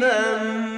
من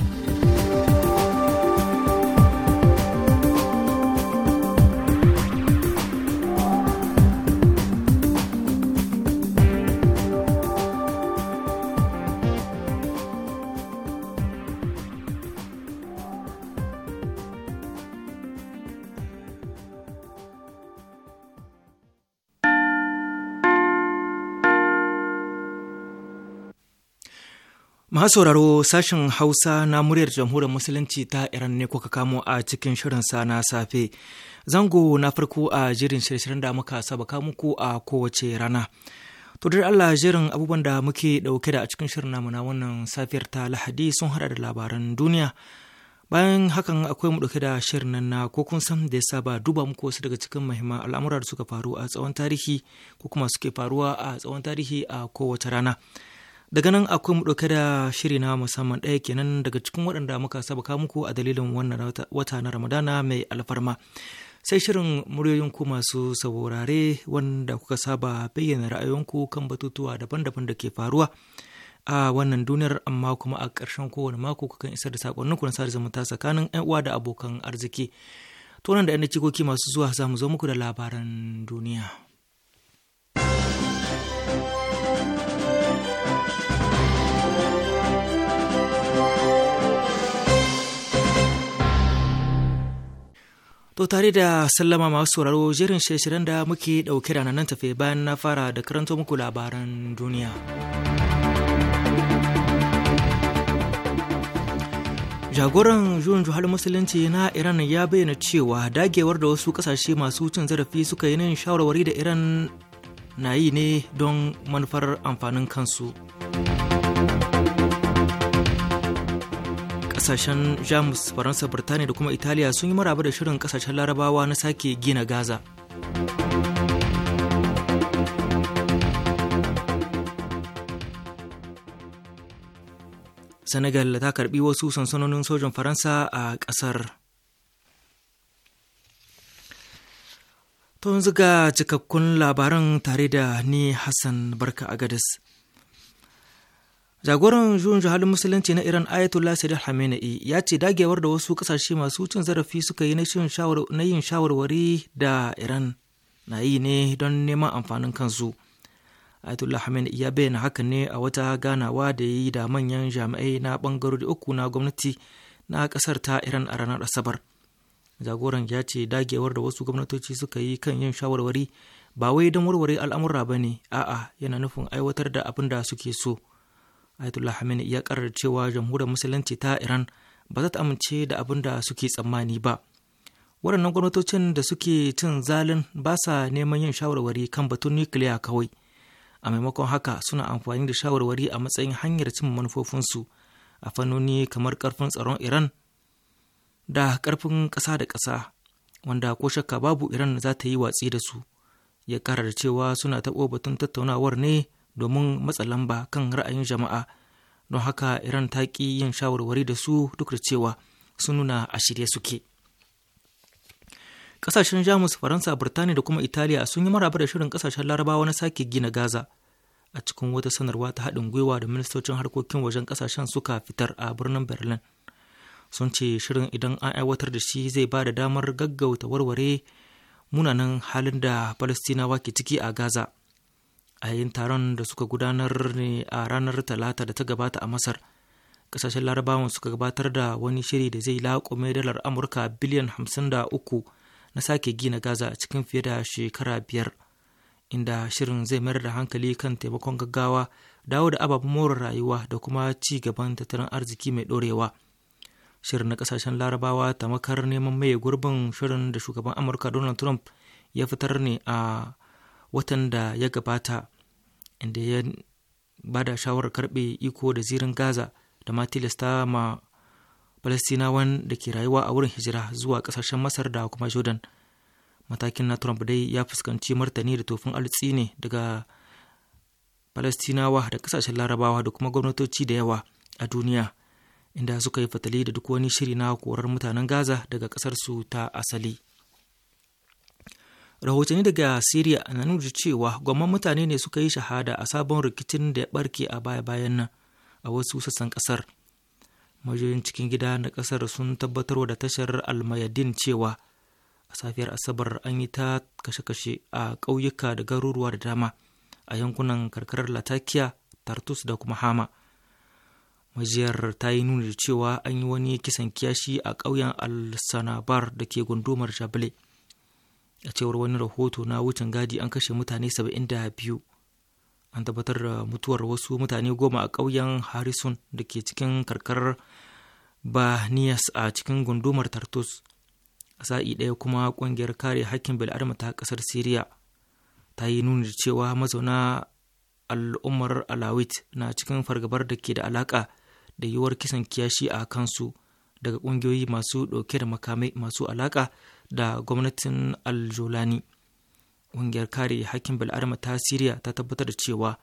Masu sauraro sashen Hausa na muryar jamhuriyar Musulunci ta Iran ne kuka kamo a cikin shirin sa na safe. Zango na farko a jirin shirye-shiryen da muka sabaka muku a kowace rana. To Allah jirin abubuwan da muke dauke da a cikin shirin namu na wannan safiyar ta Lahadi sun hada da labaran duniya. Bayan hakan akwai mu dauke da shirin nan na ko kun san da ya saba duba muku wasu daga cikin muhimman al'amura da suka faru a tsawon tarihi ko kuma suke faruwa a tsawon tarihi a kowace rana. daga nan akwai mu ɗauke da shiri na musamman ɗaya kenan daga cikin waɗanda muka sabaka muku a dalilin wannan wata na ramadana mai alfarma sai shirin muryoyin ku masu saurare wanda kuka saba bayyana ra'ayoyinku kan batutuwa daban-daban da ke faruwa a wannan duniyar amma kuma a ƙarshen kowane mako kukan isar da saƙonninku na sada zumunta tsakanin 'yan uwa da abokan arziki tonan da 'yan cikoki masu zuwa za mu zo muku da labaran duniya. To tare da sallama masu sauraro jerin shirye-shiryen da muke ɗauke da nan tafe bayan na fara da karanto muku labaran duniya. Jagoran juyin juhar musulunci na Iran ya bayyana cewa dagewar da wasu kasashe masu cin zarafi suka yi nin shawarwari da Iran na yi ne don manufar amfanin kansu. kasashen jamus faransa birtaniya da kuma italiya sun yi maraba da shirin kasashen larabawa na sake gina gaza senegal ta karbi wasu sansanonin sojan faransa a kasar tun ziga cikakkun labaran tare da ni hassan barka agadis Jagoran juyin jihar musulunci na Iran Ayatollah Sayyid Khamenei ya ce dagewar da wasu kasashe masu cin zarafi suka yi na yin shawarwari da Iran na yi ne don neman amfanin kansu. Ayatollah Khamenei ya bayyana haka ne a wata ganawa da ya yi da manyan jami'ai na bangarori uku na gwamnati na kasar ta Iran a ranar Asabar. Jagoran ya ce dagewar da wasu gwamnatoci suka yi kan yin shawarwari ba wai don warware al'amura ba ne, a'a yana nufin aiwatar da abin da suke so. Ayatollah Khamenei ya karar cewa jamhuriyar musulunci ta Iran ba za ta amince da abin da suke tsammani ba. Waɗannan gwamnatocin da suke cin zalin ba sa neman yin shawarwari kan batun nukiliya kawai. A maimakon haka suna amfani da shawarwari a matsayin hanyar cin manufofinsu a fannoni kamar ƙarfin tsaron Iran da ƙarfin ƙasa da ƙasa wanda ko shakka babu Iran za ta yi watsi da su. Ya karar cewa suna taɓo batun tattaunawar ne domin matsa lamba kan ra'ayin jama'a don haka iran ta ƙi yin shawarwari da su duk da cewa sun nuna a shirye suke ƙasashen jamus faransa birtaniya da kuma italiya sun yi maraba da shirin ƙasashen larabawa na sake gina gaza a cikin wata sanarwa ta haɗin gwiwa da ministocin harkokin wajen ƙasashen suka fitar a birnin berlin sun ce shirin idan an aiwatar da shi zai ba da damar gaggauta warware munanan halin da palestinawa ke ciki a gaza a yayin taron da suka gudanar ne a ranar talata da ta gabata a masar kasashen larabawan suka gabatar da wani shiri da zai laƙume dalar amurka biliyan hamsin da uku na sake gina gaza a cikin fiye da shekara biyar inda shirin zai mayar da hankali kan taimakon gaggawa dawo da ababen more rayuwa da kuma ci gaban tattalin arziki mai ɗorewa shirin na kasashen larabawa tamakar neman maye gurbin shirin da shugaban amurka donald trump ya fitar ne a watan da ya gabata inda ya ba da shawarar karɓe iko da zirin gaza da ma tilasta ma falastinawan da ke rayuwa a wurin hijira zuwa ƙasashen masar da kuma jordan matakin na trump dai ya fuskanci martani da tofin alutsi ne daga falastinawa da ƙasashen larabawa da kuma gwamnatoci da yawa a duniya inda suka yi fatali da duk wani shiri na korar mutanen gaza daga ƙasarsu ta asali rahotanni daga syria na nuna cewa gwamman mutane ne suka yi shahada a sabon rikicin da ya barke a baya-bayan nan a wasu sassan kasar majiyoyin cikin gida na kasar sun tabbatar da tashar almayadin cewa a safiyar asabar an yi ta kashe-kashe a ƙauyuka da garuruwa da dama a yankunan karkarar latakia tartus da kuma hama majiyar ta yi nuna cewa an yi wani kisan kiyashi a ƙauyen alsanabar da ke gundumar jabale a cewar wani rahoto na wucin gadi an kashe mutane 72 an tabbatar da mutuwar wasu mutane goma a ƙauyen harrison da ke cikin karkar bahnias a cikin gundumar tartus a sa'i ɗaya kuma ƙungiyar kare hakkin bil'adama ta ƙasar syria ta yi nuni da cewa mazauna al'ummar alawit na cikin fargabar da ke da alaƙa da yiwuwar kisan kiyashi a kansu daga ƙungiyoyi masu ɗauke da makamai masu alaƙa da gwamnatin aljolani ƙungiyar kare hakkin bil'adama ta siriya ta tabbatar da cewa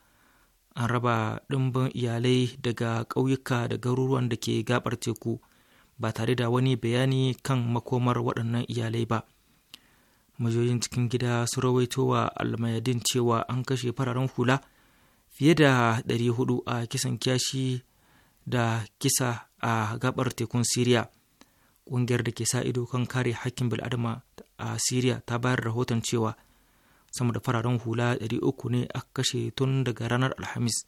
an raba ɗimbin iyalai daga ƙauyuka da garuruwan da ke gabar teku ba tare da wani bayani kan makomar waɗannan iyalai ba majoyin cikin gida su rawaito wa almayadin cewa an kashe fararen hula fiye da 400 a kisan kyashi da kisa a gabar tekun Siriya. Ƙungiyar da ke sa ido kan kare hakkin bil'adama a Siriya ta bayar rahoton cewa sama da fararen hula 300 ne aka kashe tun daga ranar Alhamis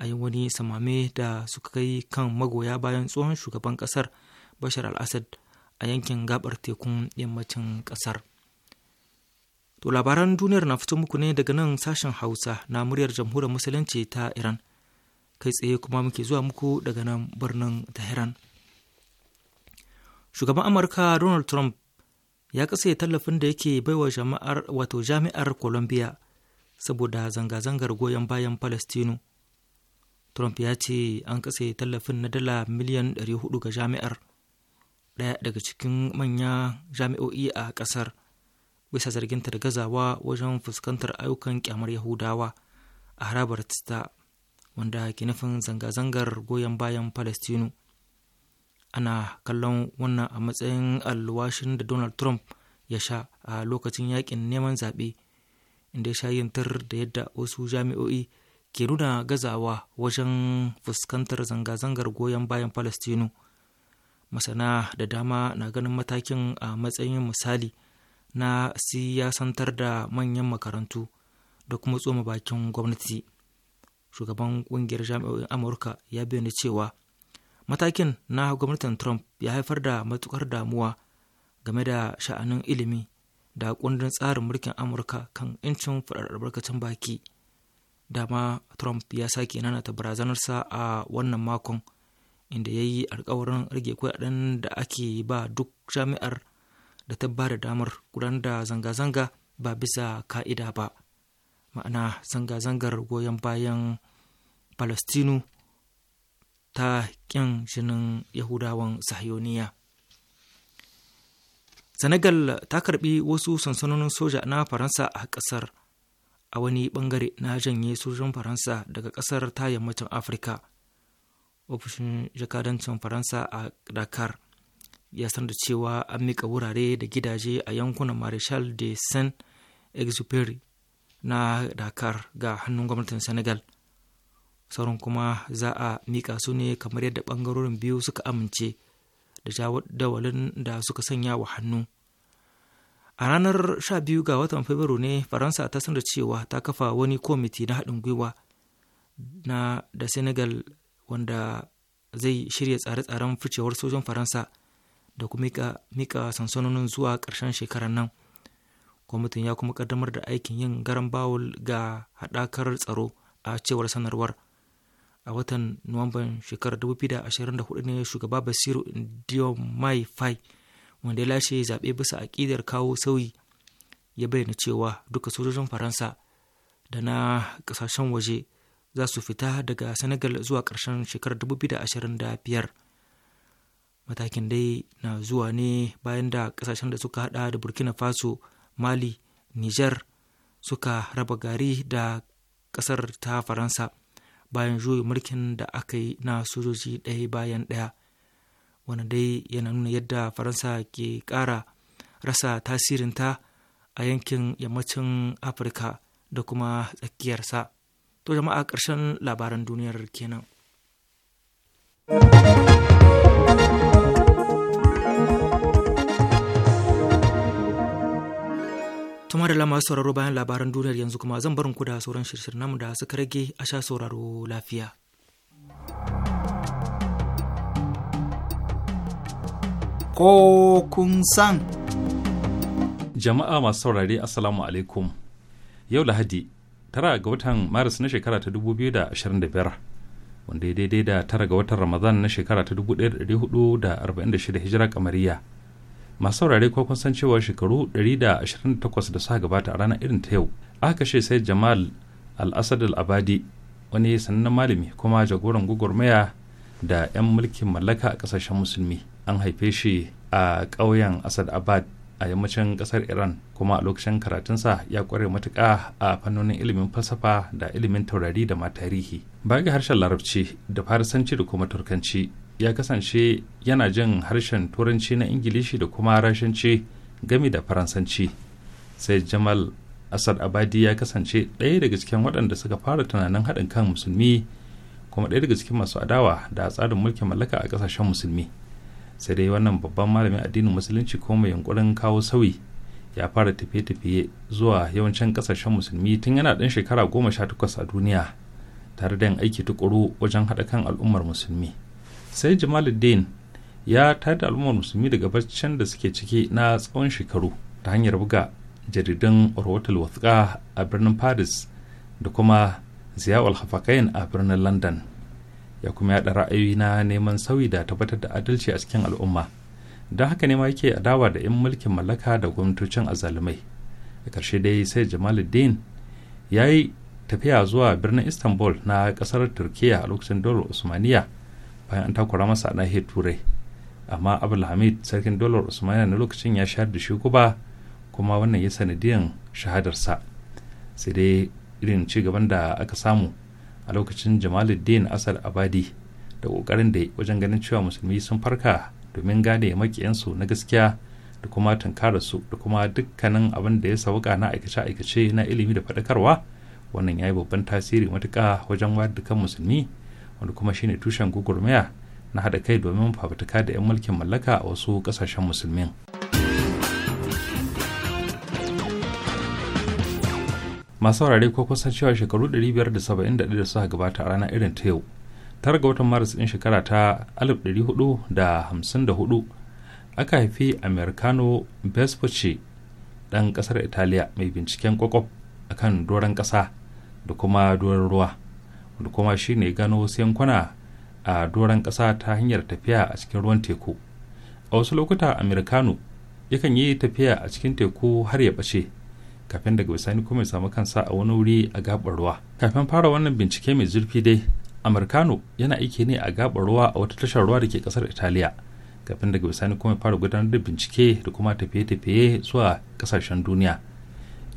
a yi wani samame da suka kai kan magoya bayan tsohon shugaban ƙasar Bashar al-Assad a yankin gabar tekun yammacin ƙasar. To labaran duniyar na fito muku ne daga nan sashen Hausa na muryar jamhuriyar Musulunci ta Iran. kai tsaye kuma muke zuwa muku daga nan birnin Tehran. Shugaban Amurka Donald Trump ya kasa tallafin da yake baiwa jama'ar wato jami'ar Colombia saboda zanga-zangar goyon bayan Palestino. Trump ya ce an kasa tallafin na dala miliyan 400 ga jami'ar ɗaya daga cikin manya jami'o'i a ƙasar bisa zarginta da gazawa wajen fuskantar ayyukan kyamar Yahudawa a harabar ta wanda ke nufin zanga-zangar goyon bayan palestinu ana kallon wannan a matsayin alwashin da donald trump ya sha a lokacin yakin neman zaɓe inda ya sha yin da yadda wasu jami'o'i ke nuna gazawa wajen fuskantar zanga-zangar goyon bayan palestinu masana da dama na ganin matakin a matsayin misali na siyasantar da manyan makarantu da kuma tsoma bakin gwamnati shugaban kungiyar jami'o'in amurka ya bayyana cewa matakin na gwamnatin trump ya haifar da matukar damuwa game da sha'anin ilimi da kundin tsarin mulkin amurka kan 'yancin faɗar albarkacin baki dama trump ya sake nanata barazanarsa a wannan makon inda ya yi alkawarin rage kuɗaɗen da ake ba duk jami'ar da ta ba da damar gudanar da zanga-zanga ba bisa ka'ida ba. ma'ana zanga-zangar goyon bayan palestinu ta ƙin jinin yahudawan sahiyoniya senegal ta karbi wasu sansanonin soja na faransa a ƙasar a wani bangare na janye sojan faransa daga ƙasar ta yammacin afirka ofishin jakadancin faransa a dakar ya san da cewa an mika wurare da gidaje a yankunan marshal de saint exupéry na dakar ga hannun gwamnatin senegal sauran kuma za a mika su ne kamar yadda ɓangarorin biyu suka amince da jadawalin da suka sanya wa hannu a ranar 12 ga watan fabrairu ne faransa ta sanar cewa ta kafa wani komiti na haɗin gwiwa na da senegal wanda zai shirya tsare-tsaren ficewar sojan faransa da kuma mika sansanonin zuwa ƙarshen shekarar nan kwamitin ya kuma kaddamar da aikin yin garan bawul ga haɗakar tsaro a cewar sanarwar a watan nuwamban shekarar 2024 ne shugaba basiru mai fai wanda ya lashe zaɓe bisa aƙidar kawo sauyi ya bayyana cewa duka sojojin faransa da na ƙasashen waje za su fita daga senegal zuwa ƙarshen shekarar 2025 matakin dai na zuwa ne bayan da ƙasashen da suka hada da burkina faso mali niger suka raba gari da ƙasar ta faransa bayan juyin mulkin da aka yi na sojoji ɗaya bayan ɗaya wanda dai yana nuna yadda faransa ke ƙara rasa tasirinta a yankin yammacin afirka da kuma tsakiyarsa to jama'a ƙarshen labaran duniyar kenan. Tuma da lama sauraro bayan labaran duniyar yanzu kuma zan barin ku da sauran shirshir namu da suka rage a sha sauraro lafiya. Ko kun san. Jama'a masu saurare Assalamu alaikum. Yau Lahadi, tara ga watan Maris na shekara ta 2025, wanda ya daidai da tara ga watan Ramadan na shekara ta 1446 Hijira kamariya. masu saurare ko kun san cewa shekaru 128 da suka gabata a ranar irin ta yau aka kashe sai jamal al-asad al-abadi wani sannan malami kuma jagoran gwagwarmaya da 'yan mulkin mallaka a kasashen musulmi an haife shi a ƙauyen asad abad a yammacin ƙasar iran kuma a lokacin karatunsa ya kware matuka a fannonin ilimin falsafa da ilimin taurari da ma tarihi baya ga harshen larabci da farisanci da kuma turkanci ya kasance yana jin harshen turanci na ingilishi da kuma rashanci gami da faransanci sai jamal asad abadi ya kasance ɗaya daga cikin waɗanda suka fara tunanin haɗin kan musulmi kuma ɗaya daga cikin masu adawa da tsarin mulkin mallaka a ƙasashen musulmi sai dai wannan babban malamin addinin musulunci ko mai yunkurin kawo sauyi ya fara tafiye-tafiye zuwa yawancin ƙasashen musulmi tun yana ɗan shekara goma sha takwas a duniya tare da yin aiki tukuru wajen haɗa kan al'ummar musulmi sai jamaluddin ya da al'ummar musulmi daga barcin da suke ciki na tsawon shekaru ta hanyar buga jaridun rahoton wasuƙa a birnin paris da kuma ziyawar hafakayin a birnin london ya kuma yaɗa ra'ayoyi na neman sauyi da tabbatar da adalci a cikin al'umma don haka ne ma yake adawa da 'yan mulkin mallaka da gwamnatocin azalumai a ƙarshe dai sai jamaluddin ya yi tafiya zuwa birnin istanbul na ƙasar turkiya a lokacin daular usmaniya bayan an takura masa a nahiyar turai amma abdulhamid sarkin dolar usmaniya na lokacin ya shahar da shi kuba kuma wannan ya sanadiyan shahadarsa sai dai irin ci gaban da aka samu a lokacin jamaluddin asar abadi da kokarin da wajen ganin cewa musulmi sun farka domin gane makiyansu na gaskiya da kuma tunkara su da kuma dukkanin abin da ya sauka na aikace-aikace na ilimi da faɗakarwa wannan ya yi babban tasiri matuƙa wajen wayar da kan musulmi wanda kuma shine tushen gugurmaya na haɗa kai domin fafutuka da 'yan mulkin mallaka a wasu kasashen musulmin masu saurare ko kusan cewa shekaru 571 da suka gabata a rana irin ta yau tara ga watan maris din shekara ta 1454 aka haifi americano vespucci ɗan ƙasar italiya mai binciken kwakwaf akan doron ƙasa da kuma doron ruwa wanda kuma shi ne gano wasu yankuna a doron ƙasa ta hanyar tafiya a cikin ruwan teku a wasu lokuta americano yakan yi tafiya a cikin teku har ya bace kafin daga bisani kuma ya samu kansa a wani wuri a gabar ruwa kafin fara wannan bincike mai zurfi dai americano yana aiki ne a gabar ruwa a wata tashar ruwa da ke kasar italiya kafin daga bisani kuma ya fara gudanar da bincike da kuma tafiye-tafiye zuwa kasashen duniya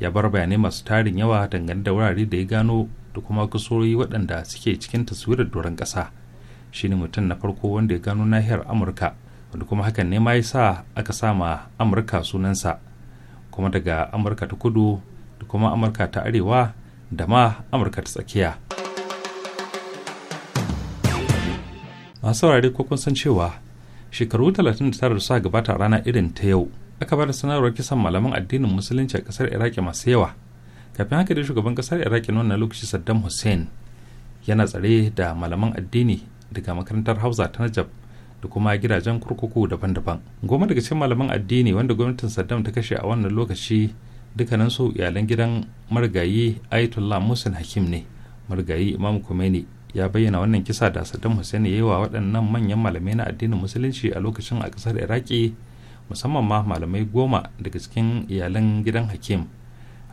ya bar bayanai masu tarin yawa dangane da wurare da ya gano da kuma kusurori waɗanda suke cikin taswirar doron ƙasa shi ne mutum na farko wanda ya gano nahiyar amurka wanda kuma hakan ne ma ya sa aka sama amurka sunansa kuma daga amurka ta kudu da kuma amurka ta arewa da ma amurka ta tsakiya masu saurare ko kun san cewa shekaru 39 da sa gabata rana irin ta yau aka bada sanarwar kisan malaman addinin musulunci a kasar iraki masu yawa kafin haka dai shugaban kasar iraki na wannan lokaci saddam hussein yana tsare da malaman addini daga makarantar hausa ta najab da kuma gidajen kurkuku daban-daban goma daga cikin malaman addini wanda gwamnatin saddam ta kashe a wannan lokaci dukkanin su iyalan gidan marigayi ayatollah musin hakim ne marigayi imam kumeni ya bayyana wannan kisa da saddam hussein ya yi wa waɗannan manyan malamai na addinin musulunci a lokacin a ƙasar iraki musamman ma malamai goma daga cikin iyalan gidan hakim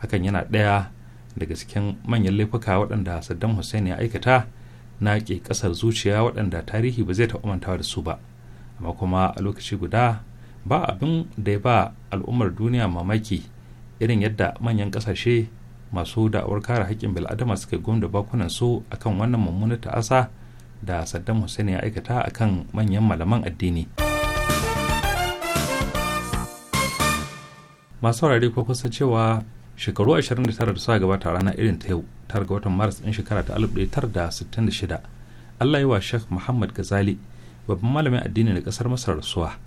hakan yana ɗaya daga cikin manyan laifuka waɗanda saddam hussein ya aikata na ke ƙasar zuciya waɗanda tarihi ba zai taɓa mantawa da su ba amma kuma a lokaci guda ba abin da ya ba al'ummar duniya mamaki irin yadda manyan ƙasashe masu da'awar kare haƙƙin bil'adama suka gomda bakunan su akan wannan mummunar ta'asa da saddam hussein ya aikata akan manyan malaman addini. masu saurare ko kusa cewa shekaru 29 da suka gabata rana irin ta yau tare ga watan maris ɗin shekara ta 1966 allah yi wa sheikh muhammad gazali babban malamin addini na ƙasar masar rasuwa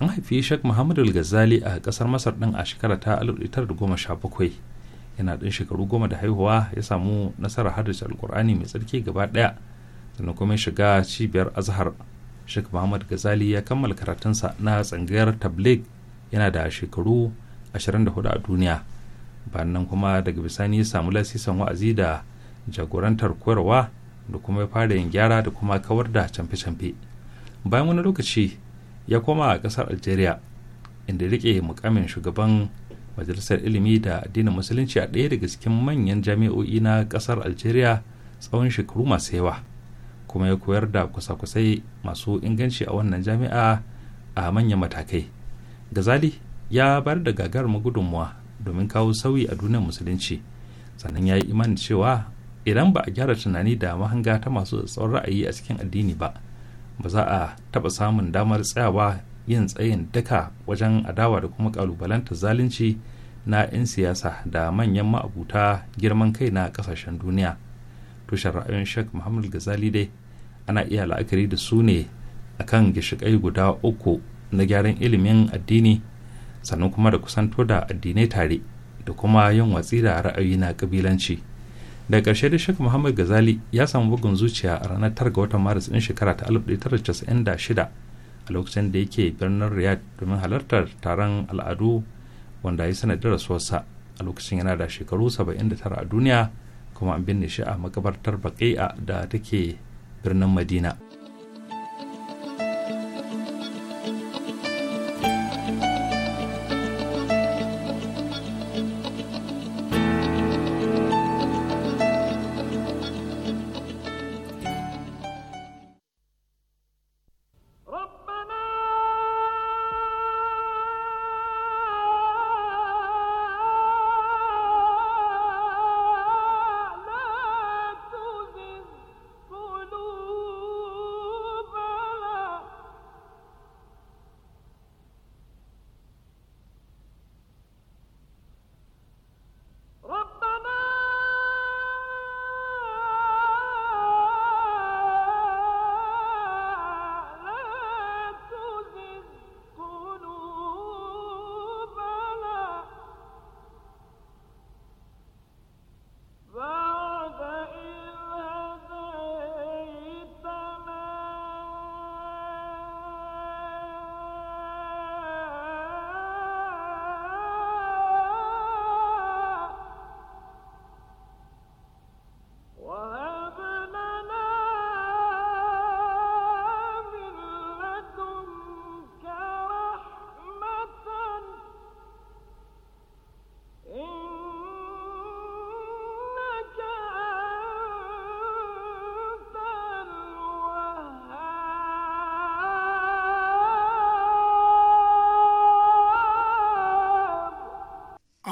an haifi sheikh muhammad gazali a kasar masar din a shekara ta 1917 yana ɗin shekaru goma da haihuwa ya samu nasarar haddace alkur'ani mai tsarki gaba ɗaya sannan kuma shiga cibiyar azhar sheikh muhammad gazali ya kammala karatunsa na tsangayar tabligh yana da shekaru 24 a duniya bayan kuma daga bisani ya samu lasisan wa'azi da jagorantar koyarwa da kuma ya fara yin gyara da kuma kawar da camfe-camfe bayan wani lokaci ya koma a ƙasar algeria inda rike mukamin shugaban majalisar ilimi da addinin musulunci a ɗaya daga cikin manyan jami'o'i na ƙasar algeria tsawon shekaru masu yawa kuma ya koyar da kusa-kusai masu inganci a wannan jami'a a manyan matakai gazali ya bayar da gagarumar gudunmuwa domin kawo sauyi a duniyar musulunci sannan ya yi imanin cewa idan ba a gyara tunani da mahanga ta masu tsawon ra'ayi a cikin addini ba ba za a taɓa samun damar tsayawa yin tsayin daka wajen adawa da kuma ƙalubalanta zalunci na 'yan siyasa da manyan ma'abuta girman kai na ƙasashen duniya tushen ra'ayin sheikh muhammad gazali dai ana iya la'akari da su ne akan gishikai guda uku na gyaran ilimin addini sannan kuma da kusanto da addinai tare da kuma yin watsi da ra'ayi na kabilanci da ƙarshe da shek muhammad gazali ya samu bugun zuciya a ranar 9 ga watan maris ɗin shekara ta 1996 a lokacin da yake birnin riyadh domin halartar taron al'adu wanda ya sanadar rasuwarsa a lokacin yana da shekaru 79 a duniya kuma an binne shi a makabartar baƙi'a da take birnin madina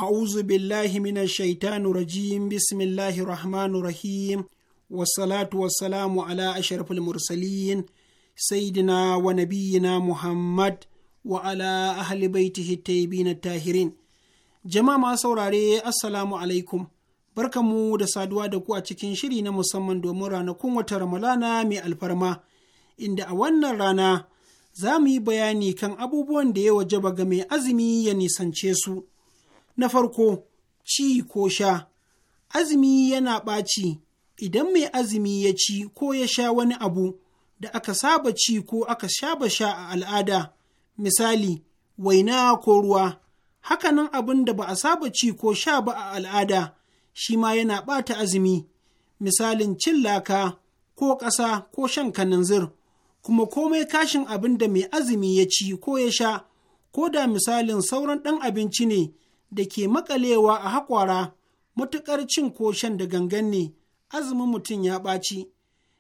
أعوذ بالله من الشيطان الرجيم بسم الله الرحمن الرحيم والصلاة والسلام على أشرف المرسلين سيدنا ونبينا محمد وعلى أهل بيته الطيبين الطاهرين جماعة سوراري السلام عليكم barkanmu da saduwa da ku a cikin shiri na musamman domin ranakun wata ramalana mai alfarma inda a wannan rana za mu yi bayani kan abubuwan da ya wajaba ga mai azumi ya nisance su Na farko, ci ko sha. Azumi yana ɓaci idan mai azumi ya ci ko ya sha wani abu da aka saba ci ko aka sha ba sha a al'ada, misali, waina ko ruwa. Hakanan abin da ba a saba ci ko sha ba a al'ada, shi ma yana ɓata azumi, misalin cin laka ko ƙasa ko shan kananzir. kuma komai kashin abin da mai azumi ya ci ko ya sha, ko da misalin sauran ɗan abinci ne da ke makalewa a haƙwara matuƙar cin ko da gangan ne azumin mutum ya ɓaci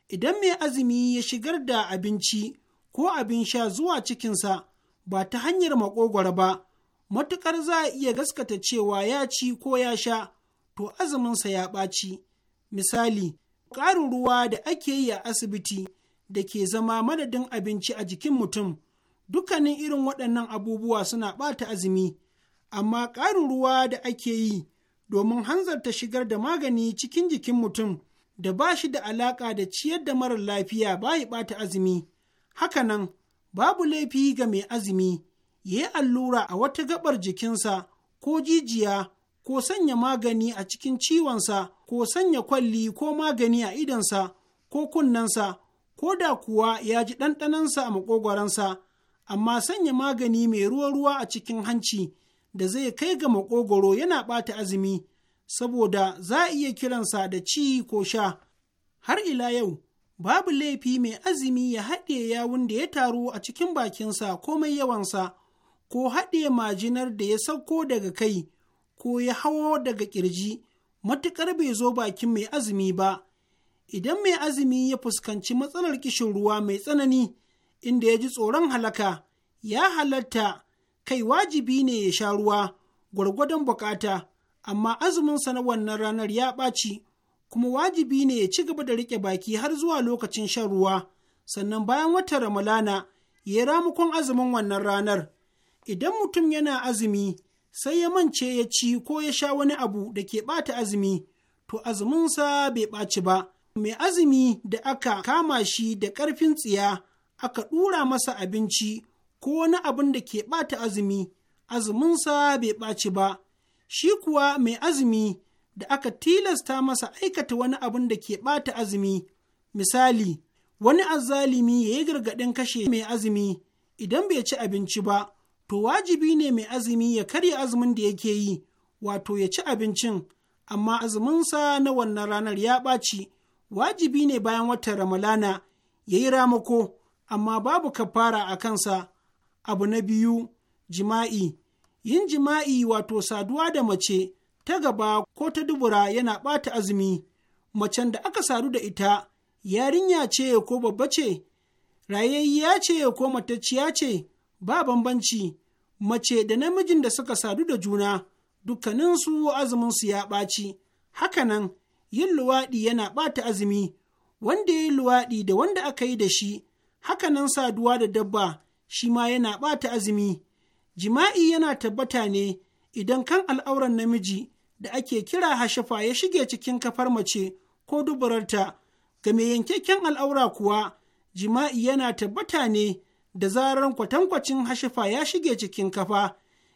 idan mai azumi ya shigar da abinci ko abin sha zuwa cikinsa ba ta hanyar maƙogwara ba matuƙar za a iya gaskata cewa ya ci ko ya sha to azuminsa ya ɓaci misali ƙarin ruwa da ake yi a asibiti da ke zama madadin abinci a jikin mutum dukkanin irin waɗannan abubuwa suna ɓata azumi amma ƙarin ruwa da ake yi domin hanzarta shigar da magani cikin jikin mutum da ba shi da alaƙa da ciyar da marar lafiya ba ya ɓata azumi. Hakanan, babu laifi ga mai azumi, ya yi allura a wata gaɓar jikinsa ko jijiya ko sanya magani a cikin ciwonsa ko sanya kwalli ko magani a idonsa ko kunnensa ko da kuwa ya ji ɗanɗanansa a maƙogwaransa, amma sanya magani mai ruwa-ruwa a cikin hanci. da zai kai ga makogoro yana ɓata azumi saboda za a iya kiransa da ci ko sha har ila yau babu laifi mai azumi ya haɗe yawun da ya taru a cikin bakinsa ko mai yawansa ko haɗe majinar da ya sauko daga kai ko ya hawo daga ƙirji matuƙar bai zo bakin mai azumi ba idan mai azumi ya fuskanci matsalar kishin ruwa mai tsanani inda ya ji tsoron halaka ya halatta kai wajibi ne ya sha ruwa gwargwadon bukata, amma azuminsa na wannan ranar ya ɓaci, kuma wajibi ne ya ci gaba da riƙe baki har zuwa lokacin shan ruwa, sannan bayan watan Ramalana ya ramukon azumin wannan ranar. Idan mutum yana azumi, sai ya mance ya ci ko ya sha wani abu da ke ɓata azumi, to azuminsa bai ɓaci ba. Mai azumi da aka kama shi da ƙarfin tsiya, aka ɗura masa abinci ko wani abin da ke ɓata azumi, azuminsa bai ɓaci ba, shi kuwa mai azumi da aka tilasta masa aikata wani abin da ke ɓata azumi, misali, wani azalimi ya yi gargaɗin kashe mai azumi idan bai ci abinci ba, to wajibi ne mai azumi ya karya azumin da yake yi, wato ya ci abincin, amma azuminsa na wannan ranar ya ɓaci, wajibi ne bayan watan Ramalana ya yi ramako, amma babu kafara a kansa. abu na biyu jima'i yin jima'i wato saduwa da mace ta gaba ko ta dubura yana ɓata azumi macen da aka sadu da ita yarinya ce ko babba ce rayayya ce ko matacciya ce ba bambanci mace da namijin da suka sadu da juna dukkaninsu azuminsu ya ɓaci hakanan yin luwaɗi yana ɓata azumi wanda ya yi luwaɗi da wanda aka yi da shi hakanan saduwa da dabba shi ma yana ɓata azumi jima'i yana tabbata ne idan kan al'auran namiji da ake kira hashafa ya shige cikin kafar mace ko dubararta ga mai yankakken al'aura kuwa jima'i yana tabbata ne da zarar kwatankwacin hashafa ya shige cikin kafa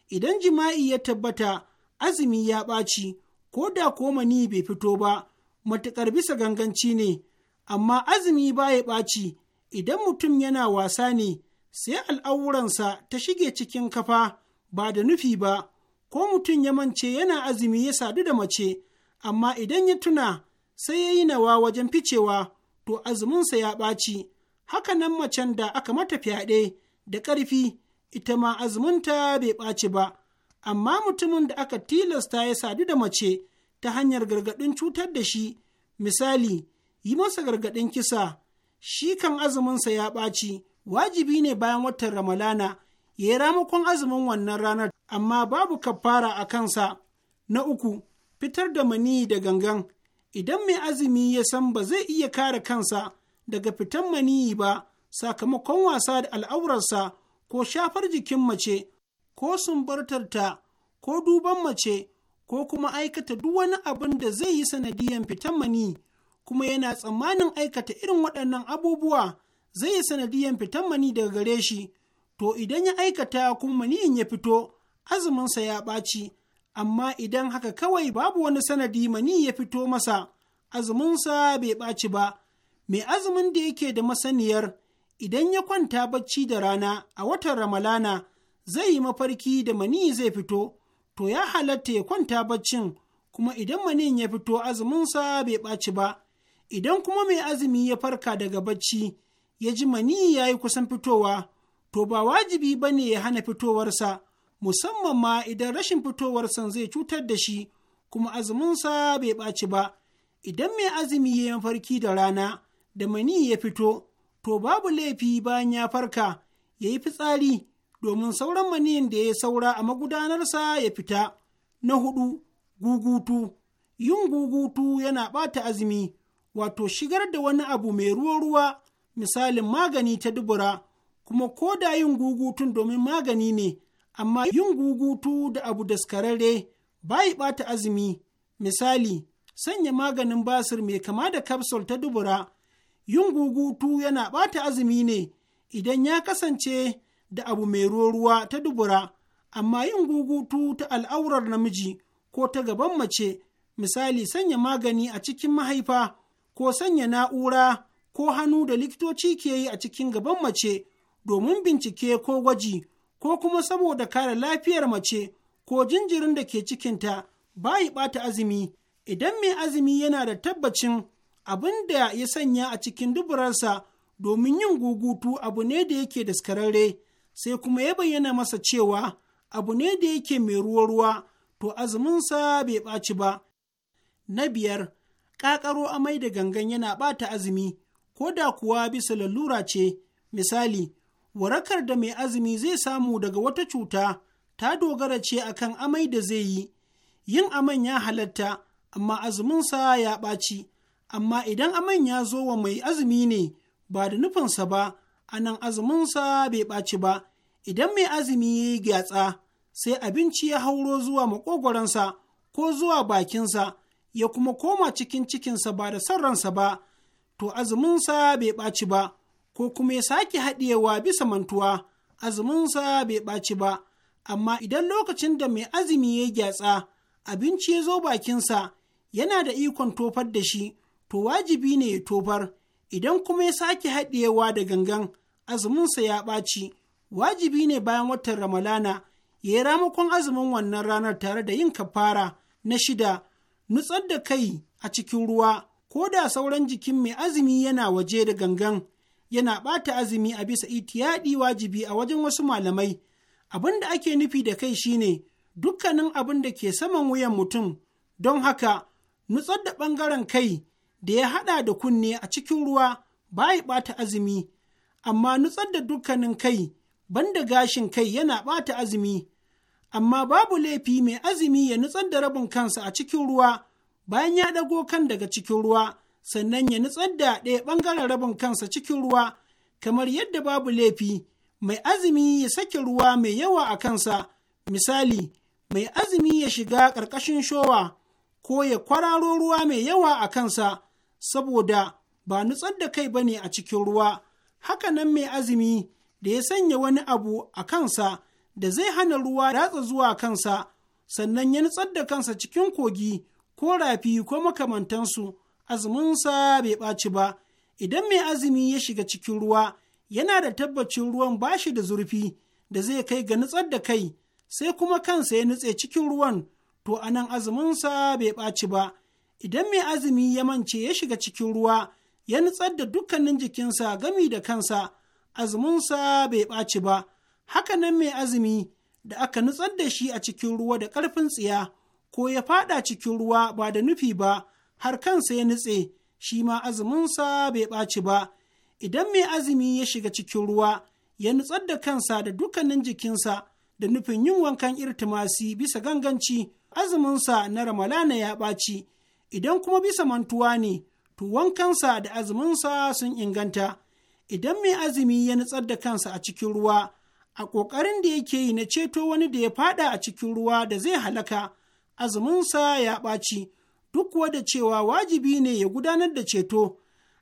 idan jima'i ya tabbata azumi ya ɓaci ko da ko ni bai fito ba matuƙar bisa ganganci ne amma azumi ba ya ɓaci idan mutum yana wasa ne sai al'auransa ta shige cikin kafa ba da nufi ba, ko mutum ya mance yana azumi ya sadu da mace, amma idan ya tuna sai ya yi nawa wajen ficewa, to azuminsa ya ɓaci, haka nan macen da aka mata fyaɗe da ƙarfi, ita ma azuminta bai ɓaci ba, amma mutumin da aka tilasta ya sadu da mace ta hanyar gargaɗin cutar da shi, misali, yi masa gargaɗin kisa, shi kan azuminsa ya ɓaci. wajibi ne bayan watan Ramalana ya yi ramakon azumin wannan ranar, amma babu kafara a kansa. Na uku, fitar da maniyi da gangan, idan mai azumi ya san ba zai iya kare kansa daga fitan maniyi ba, sakamakon wasa da al'aurarsa ko shafar jikin mace, ko sumbartarta, ko duban mace, ko kuma aikata duk wani abin da zai yi sanadiyan fitan maniyi kuma yana tsammanin aikata irin waɗannan abubuwa. zai yi sanadiyan fitan mani daga gare shi to idan ya aikata kuma maniyin ya fito azuminsa ya ɓaci amma idan haka kawai babu wani sanadi mani ya fito masa azuminsa bai ɓaci ba mai azumin da yake da masaniyar idan ya kwanta bacci da rana a watan ramalana zai yi mafarki da mani zai fito to ya halatta ya kwanta baccin kuma idan manin ya fito azuminsa bai ɓaci ba idan kuma mai azumi ya farka daga bacci ya ji mani ya yi kusan fitowa, to ba wajibi ba ne ya hana fitowarsa, musamman ma idan rashin fitowarsa zai cutar da shi, kuma azuminsa bai ɓaci ba. Idan mai azumi ya yi mafarki da rana, da mani ya fito, to babu laifi bayan ya farka, ya yi fitsari, domin sauran maniyin da ya saura a magudanarsa ya fita. Na hudu, gugutu. Yin gugutu yana ɓata azumi, wato shigar da wani abu mai ruwa-ruwa misalin magani ta dubura kuma ko da yin gugutun domin magani ne amma yin gugutu da abu daskararre bayi ɓata azumi misali sanya maganin basir mai kama da kapsul ta dubura yin gugutu yana ɓata azumi ne idan ya kasance da abu mai ruwa ta dubura amma yin gugutu ta al'aurar namiji ko ta gaban mace misali sanya magani a cikin mahaifa ko sanya na'ura ko hannu da likitoci ke yi a cikin gaban mace domin bincike ko gwaji ko kuma saboda kare lafiyar mace ko jinjirin da ke cikinta bayi ɓata azumi idan mai azumi yana da tabbacin abin da ya sanya a cikin duburarsa domin yin gugutu abu ne da yake daskararre sai kuma ya bayyana masa cewa abu ne da yake mai ruwa-ruwa to azuminsa bai ɓaci ba. Na biyar, ƙaƙaro amai da gangan yana ɓata azumi, ko da kuwa bisa lalura ce, misali, warakar da mai azumi zai samu daga wata cuta ta dogara ce akan amai da zai yi, yin aman ya halatta, amma azuminsa ya ɓaci, amma idan aman ya zo wa mai azumi ne ba da nufinsa ba, anan azuminsa bai ɓaci ba, idan mai azumi ya yi gyatsa, sai abinci ya hauro zuwa maƙogwaronsa ko zuwa bakinsa, ya kuma koma cikin cikinsa ba da son ransa ba. to azuminsa bai ɓaci ba, ko kuma ya sake haɗewa bisa mantuwa, azuminsa bai ɓaci ba, amma idan lokacin da mai azumi ya gyatsa, abinci ya zo bakinsa, yana da ikon tofar da shi, to wajibi ne ya tofar, idan kuma ya sake haɗewa da gangan, azuminsa ya ɓaci, wajibi ne bayan watan Ramalana, ya yi ramakon azumin wannan ranar tare da yin kafara na shida, nutsar da kai a cikin ruwa. ko da sauran jikin mai azumi yana waje da gangan yana ɓata azumi a bisa itiyaɗi wajibi a wajen wasu malamai abin da ake nufi da kai shine dukkanin abin da ke saman wuyan mutum don haka nutsar da ɓangaren kai da ya haɗa da kunne a cikin ruwa ba ya ɓata azumi amma nutsar da dukkanin kai banda gashin kai yana ɓata azumi amma babu laifi mai azumi ya nutsar da rabin kansa a cikin ruwa bayan ya ɗago kan daga cikin ruwa sannan ya nutsar da ɗaya ɓangaren rabin kansa cikin ruwa kamar yadda babu laifi mai azumi ya sake ruwa mai yawa a kansa misali mai azumi ya shiga ƙarƙashin showa ko ya kwararo ruwa mai yawa a kansa saboda ba nutsar da kai ba ne a cikin ruwa Haka nan mai azumi da ya sanya wani abu a kansa da zai hana ruwa ratsa zuwa kansa sannan ya nutsar da kansa cikin kogi ko rafi ko makamantansu azuminsa bai ɓaci ba idan mai azumi ya shiga cikin ruwa yana da tabbacin ruwan ba shi da zurfi da zai kai ga nutsar da kai sai kuma kansa ya nutse cikin ruwan to anan azuminsa bai ɓaci ba idan mai azumi ya mance ya shiga cikin ruwa ya nutsar da dukkanin jikinsa gami da kansa azuminsa bai ɓaci ba Haka nan mai azumi da aka nutsar da shi a cikin ruwa da ƙarfin tsiya ko ya faɗa cikin ruwa ba da nufi ba har kansa ya nutse shi ma azuminsa bai ɓaci ba idan mai azumi ya shiga cikin ruwa ya nutsar da kansa da dukkanin jikinsa da nufin yin wankan irtimasi bisa ganganci azuminsa na ramalana ya ɓaci idan kuma bisa mantuwa ne to wankansa da azuminsa sun inganta idan mai azumi ya nutsar da kansa a cikin ruwa a ƙoƙarin da yake yi na ceto wani da ya faɗa a cikin ruwa da zai halaka azuminsa ya ɓaci, duk da cewa wajibi ne ya gudanar da ceto,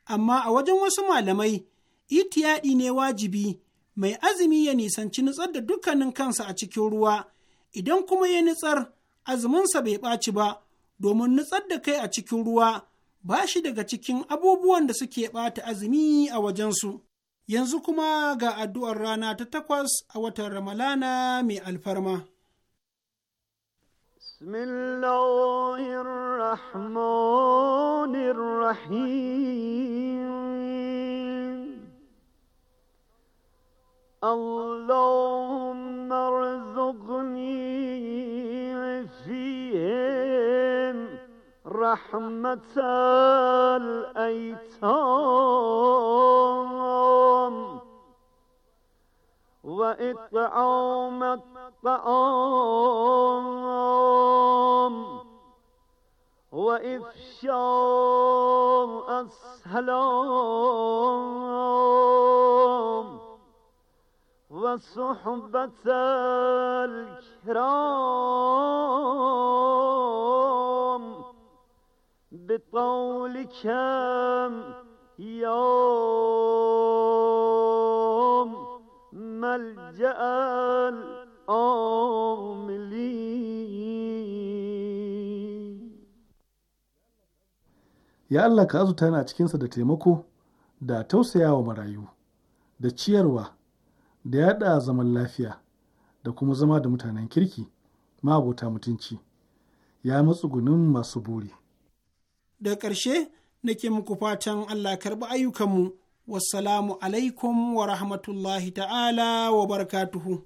amma a wajen wasu malamai, itiyaɗi ne wajibi, mai azumi ya nisanci nutsar da dukkanin kansa a cikin ruwa, idan kuma ya nutsar, azuminsa bai ɓaci ba, domin nutsar da kai a cikin ruwa ba shi daga cikin abubuwan da suke ɓata azumi a wajensu. Yanzu kuma ga addu'ar rana ta takwas a watan Ramalana mai alfarma. بسم الله الرحمن الرحيم اللهم ارزقني فيهم رحمة الأيتام وإطعام الطعام وإفشاء السلام وصحبة الكرام بطولك يا ملجأ Ya Allah ka azuta a cikinsa da taimako da tausayawa marayu da ciyarwa da yada zaman lafiya da kuma zama da mutanen kirki ma mutunci ya matsugunin masu buri. Da ƙarshe nake muku fatan Allah karɓi ayyukanmu. wassalamu alaikum wa rahmatullahi ta'ala wa barakatuhu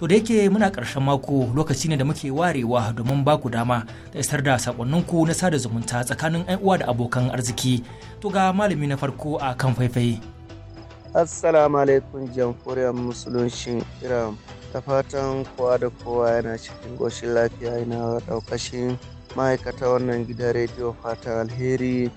to da yake muna ƙarshen mako lokaci ne da muke warewa domin baku dama da isar da sakonninku na sada zumunta tsakanin 'yan uwa da abokan arziki to ga malami na farko a kan faifai assalamu alaikum jamhuriyar musulunci iran ta fatan kowa da kowa yana cikin goshin lafiya yana daukashin ma'aikata wannan gidan rediyo fatan alheri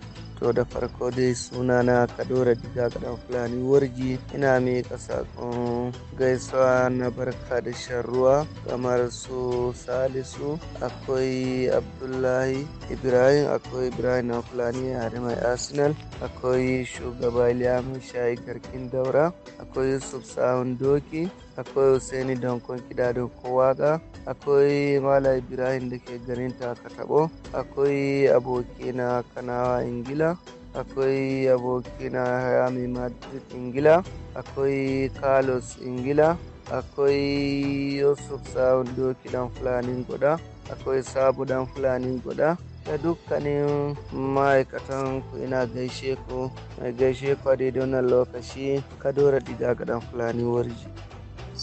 To da farko dai suna na Kadora Diga dan Fulani Warji ina mai sakon gaisuwa na barka da shan ruwa kamar su Salisu akwai Abdullahi Ibrahim akwai Ibrahim na Fulani a mai Arsenal akwai shugaba Liam Shayi Garkin Daura akwai Yusuf Sa'un Doki akwai Hussaini Dankon kida da waƙa, akwai Mala Ibrahim da ke garin Takatabo, akwai abokina Kanawa Ingila, akwai abokina Hayami Madrid Ingila, akwai Carlos Ingila, akwai Yusuf Sa'un Doki dan Fulani Guda, akwai Sabu dan Fulani Guda, da dukkanin ma'aikatan ku ina gaishe ku mai gaishe ku a daidai wannan lokaci kadora diga ga dan fulani warji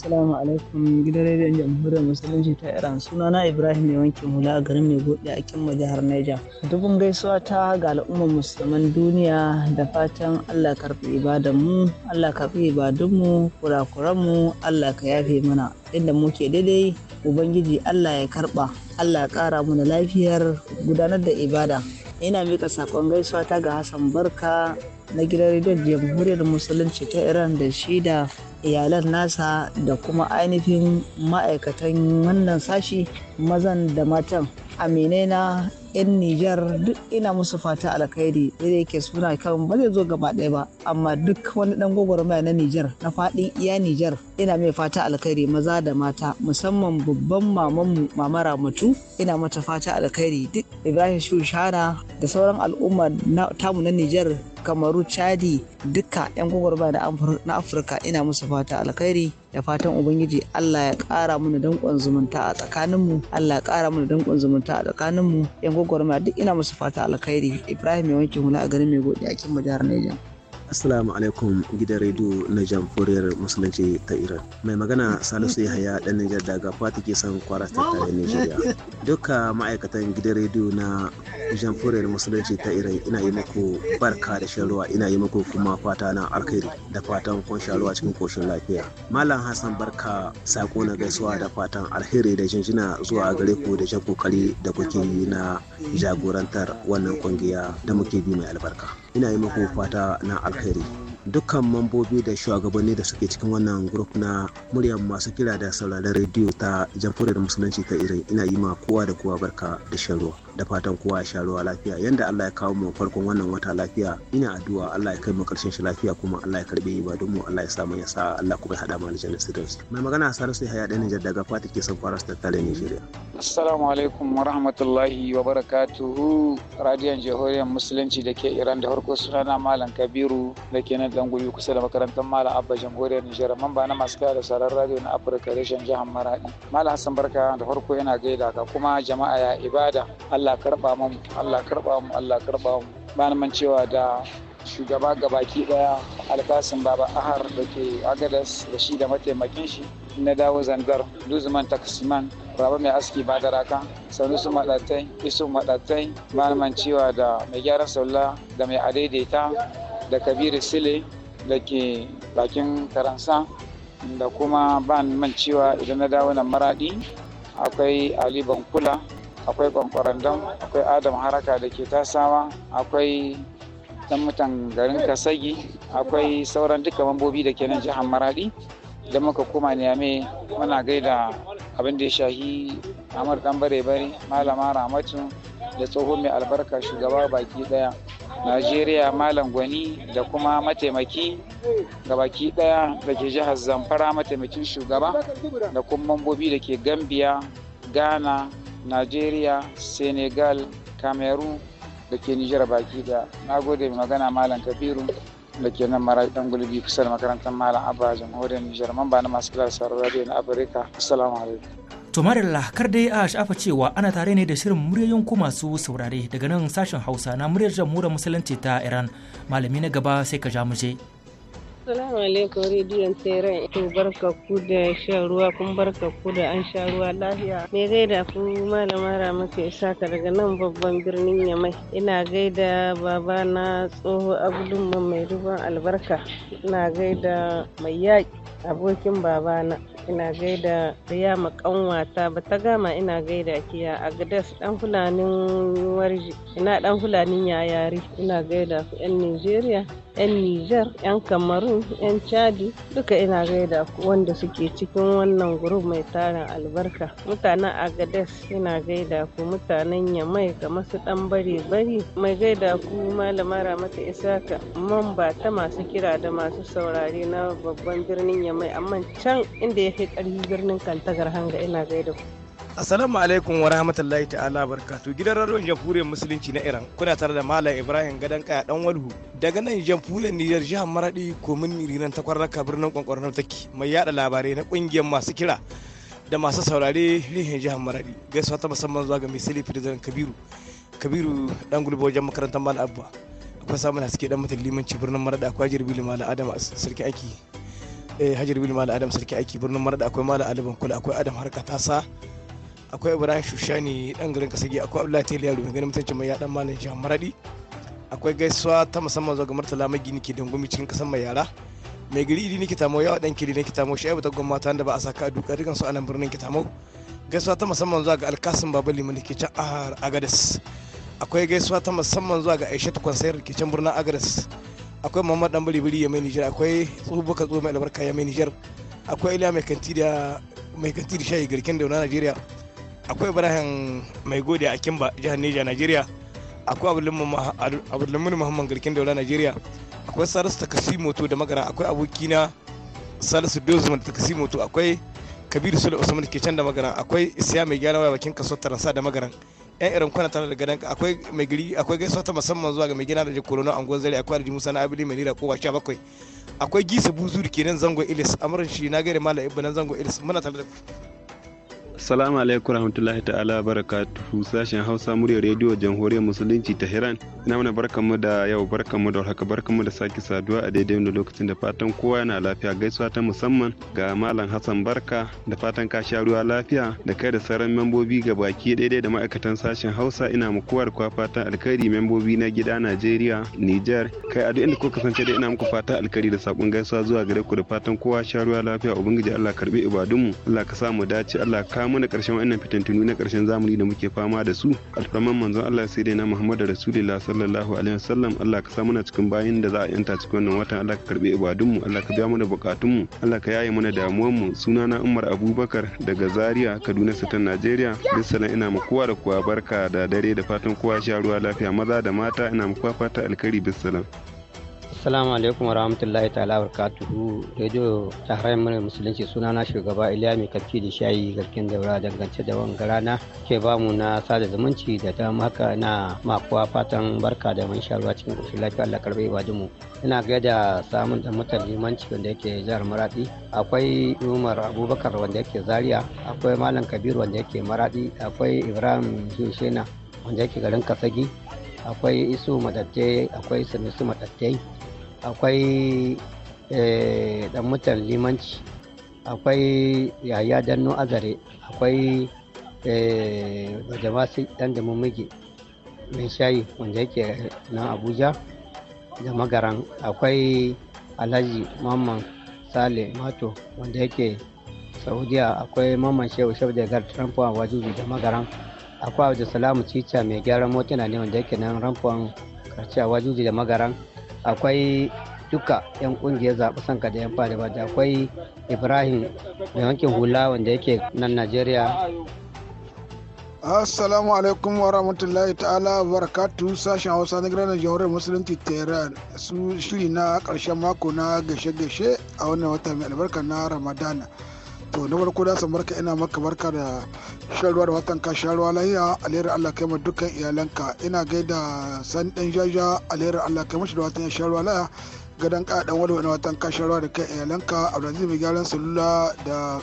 Assalamu alaikum gidan rediyon jamhuriyar musulunci ta Iran sunana Ibrahim mai wankin hula a garin Maigode a Kimma jihar Niger. Dubun gaisuwa ta ga al'ummar musulman duniya da fatan Allah karfi ibadan mu, Allah karfi ibadun mu, kurakuran mu, Allah ka yafe mana. Inda muke daidai Ubangiji Allah ya karba, Allah ya muna da lafiyar gudanar da ibada. Ina mika saƙon gaisuwa ta ga Hassan Barka na gidan rediyon jamhuriyar musulunci ta iran da shi da iyalan nasa da kuma ainihin ma'aikatan wannan sashi mazan da matan na 'yan nijar duk ina musu fata alkhairi da yake suna kan ba zai zo gaba ɗaya ba amma duk wani dan gwagwarmaya na nijar na faɗin iya nijar ina mai fata alkhairi maza da mata musamman babban mamanmu mama ramatu ina mata fata alkhairi duk ibrahim shushana da sauran al'umma tamu na nijar kamaru chadi duka 'yan gwagwarmaya na afirka ina musu fata alkhairi da fatan ubangiji allah ya kara mana danƙon zumunta a tsakaninmu allah ya kara mana danƙon zumunta a tsakaninmu yan ma duk ina musu fata alkhairi ibrahim ya wanke hula a garin mai godiya a kin jihar niger Assalamu alaikum gidan rediyo na jamhuriyar musulunci ta Iran. Mai magana Salisu Yahaya dan Niger daga Fati ke san kwara ta tare Nijeriya. Duka ma'aikatan gidan rediyo na jamhuriyar musulunci ta Iran ina yi muku barka da shan ruwa ina yi muku kuma fata na alkhairi da fatan kun sha ruwa cikin koshin lafiya. Malam Hassan barka sako na gaisuwa da fatan alheri da jinjina zuwa gare ku da jan kokari da kuke yi na jagorantar wannan kungiya da muke bi mai albarka. ina yi muku fata na alheri dukkan mambobi da shugabanni da suke cikin wannan grup na muryar masu kira da sauraron rediyo ta jamhuriyar musulunci ta irin ina yi ma kowa da kowa barka da shan ruwa da fatan kowa ya sha ruwa lafiya yanda Allah ya kawo mu farkon wannan wata lafiya ina addu'a Allah ya kai mu karshen shi lafiya kuma Allah ya karbe ibadun mu Allah ya sa mu ya sa Allah kuma ya hada mu aljanna sirrinsu mai magana Salisu haya da Nijar daga Fati ke son kwaras tare Nigeria Assalamu alaikum wa rahmatullahi wa barakatuhu radiyon jamhuriyar musulunci da ke Iran da farko suna na Malam Kabiru da ke nan Dangulu kusa da makarantar Malam Abba jamhuriyar Nijar mamba na masu kaya da sarar radiyo na Afirka reshen jihar Maradi Malam Hassan Barka da farko yana gaida ka kuma jama'a ya ibada Allah karba mu Allah karba mu Allah karba mu ba man cewa da shugaba gabaki daya alkasin baba ahar da ke agadas da shi da mataimakin shi na dawo zangar luzman taksiman raba mai aski ba da raka su maɗatai isu maɗatai malaman cewa da mai gyara saula da mai adaidaita da kabiru sile da ke bakin karansa da kuma ban man cewa idan na dawo nan maraɗi akwai ali bankula akwai kwamfarandam akwai adam haraka da ke tasawa akwai dan mutan garin kasagi akwai sauran duka mambobi da ke nan jihar maradi da muka koma niyame muna gaida abin da ya shahi amur dan bare bare malama ramatu da tsohon mai albarka shugaba baki daya najeriya malam gwani da kuma mataimaki ga baki daya da ke jihar zamfara mataimakin shugaba da kuma mambobi da ke gambiya ghana najeriya senegal cameroon da ke nijar baki da na gode mai magana malam kabiru da ke nan mara dan gulbi kusa da makarantar malam abba jamhuriyar nijar ba na masu kula sauran radio na afirka assalamu alaikum to marilla kar dai a shafa cewa ana tare ne da shirin muryoyin ku masu saurare daga nan sashen hausa na muryar jamhuriyar musulunci ta iran malami na gaba sai ka ja mu je. salamu alaikum rediyon tseren to barka ku da shan ruwa kun barka ku da an sha ruwa lafiya. Me gaida ku malama Ramatu Isaka daga nan babban birnin Yamai. Ina gaida baba na tsoho Abdul mai ruwan albarka. Ina gaida mai yaƙi abokin babana ina gaida ya makanwata ba ta gama ina gaida kiya a gadas dan fulanin warji ina dan fulanin yayari ina gaida ku yan nigeria yan niger yan cameroon yan chadi duka ina gaida ku wanda suke cikin wannan guruf mai tarin albarka mutanen agades ina gaida ku mutanen yamai kamar su ɗan bare bari mai gaida ku malama ramata isaka mamba ta masu kira da masu saurare na babban birnin mai amma can inda ya fi ƙarfi birnin kaltagar hanga ina da ku. Assalamu alaikum wa rahmatullahi ta'ala barkatu gidan radiyon jamhuriyar musulunci na Iran kuna tare da Malam Ibrahim Gadan Kaya dan Walhu daga nan jamhuriyar Niger jihar Maradi komin Rinan ta kwarraka birnin kwankwarnar take mai yada labarai na kungiyar masu kira da masu saurare lihin jihar Maradi gaisuwa ta musamman zuwa ga mai silifi da Kabiru Kabiru dan gulbo wajen makarantar Malam Abba akwai samun suke dan mutum limanci birnin Maradi akwai jirbi malam Adam sarki aiki Eh, hajar bin malam adam sarki aiki birnin marada akwai malam aliban kula akwai adam harka tasa akwai ibrahim shushani dan garin kasage akwai abdullahi tele yaro mai ganin mutuncin mai yadan malam jihar maradi akwai gaisuwa ta musamman zuwa ga martala magini ke dangumi cikin kasan mai yara mai gari idi nake tamo yawa dan kiri nake tamo shaibu ta gwamnati wanda ba a saka a duka dukkan su a nan birnin tamo gaisuwa ta musamman zuwa ga alkasin babal liman ke can agadas akwai gaisuwa ta musamman zuwa ga aisha ta kwansayar ke can birnin agadas akwai muhammad dan biri ya mai nijar akwai tsohubaka tsohu mai albarka ya mai nijar akwai iliya mai kanti da mai kanti da shayi garken da najeriya akwai ibrahim mai gode a kimba jihar neja najeriya akwai Muhammadu muhammad garken daula najeriya akwai salisu takasi moto da magana akwai abokina salisu dozu da takasi moto akwai kabiru sule usman ke can da magana akwai isiya mai gyara wa bakin kaso taransa da magaran yan irin kwana tana da gadon akwai mai gari akwai gaisuwa ta musamman zuwa ga mai gina da jikoro na angon zare akwai arji musa na abili mai nira kowa sha bakwai akwai gisa buzu da kenan zango ilis amurin shi na gaira malam ibn zango ilis muna tare da ku Salamu alaikum rahmatullahi ta'ala barakatuhu sashen Hausa muryar rediyo jamhuriyar musulunci ta Iran. Ina mana mu da yau mu da haka mu da sake saduwa a daidai wani lokacin da fatan kowa yana lafiya gaisuwa ta musamman ga Malam Hassan Barka da fatan ka sha ruwa lafiya da kai da sauran membobi ga baki daidai da ma'aikatan sashen Hausa ina muku kwa fatan alkhairi membobi na gida Najeriya, Niger, kai a duk inda kuka kasance dai ina muku fatan alkhairi da sakon gaisuwa zuwa gare ku da fatan kowa sha ruwa lafiya ubangiji Allah karbi ibadunmu Allah ka sa mu dace Allah ka mana karshen wannan fitantunu na karshen zamani da muke fama da su alfarman manzon Allah sai dai na Muhammadu Rasulullah sallallahu alaihi wasallam Allah ka sa muna cikin bayin da za a yanta cikin wannan watan Allah ka karbe ibadunmu Allah ka biya mana bukatunmu Allah ka yaye mana damuwanmu sunana Umar Abubakar daga Zaria Kaduna Sitan Najeriya bissalan ina muku kowa da kowa barka da dare da fatan kowa sha ruwa lafiya maza da mata ina muku fata alkhairi bissalan Assalamu alaikum wa rahmatullahi ta'ala wa barakatuhu ta Tahrayin mana Musulunci sunana shugaba Iliya mai kafi da shayi garkin daura dangance da wanga rana ke bamu na sada zumunci da ta haka na makuwa fatan barka da mun sha ruwa cikin ƙoshin lafiya Allah karbe ibadun mu. Ina ga da samun da mutan limanci wanda yake jihar Maradi akwai Umar Abubakar wanda yake Zaria akwai Malam Kabir wanda yake Maradi akwai Ibrahim Shushena wanda yake garin Kasagi akwai isu madatte akwai sanusu madatte akwai dan eh, mutan limanci akwai yaya danno azare akwai eh, bajamasi dan da mummige mai shayi wanda yake nan abuja da magaran akwai alhaji mamman sale mato wanda yake saudiya akwai mamman shehu shehu da gar tramfuwa wajuji da magaran akwai abu salamu cica mai gyaran motuna ne wanda yake nan ramfuwan karciya wajuji da magaran akwai duka 'yan kungiyar zaɓi sanka da 'yan fada da akwai ibrahim mai wankin hula wanda yake nan najeriya assalamu alaikum wa rahmatullahi ta'ala barakatu sashen hausa na gina jamhuriyar musulunci tehran su shiri na karshen mako na gashe-gashe a wannan wata mai albarka na ramadana to na farko da san barka ina maka barka da sharuwa da watan ka sharuwa lahiya alherin Allah kai ma dukkan iyalanka ina gaida san dan jaja alherin Allah kai mashi da watan sharuwa lahiya gadan ka dan wani watan ka sharuwa da kai iyalanka Abdulaziz mai gyaran salula da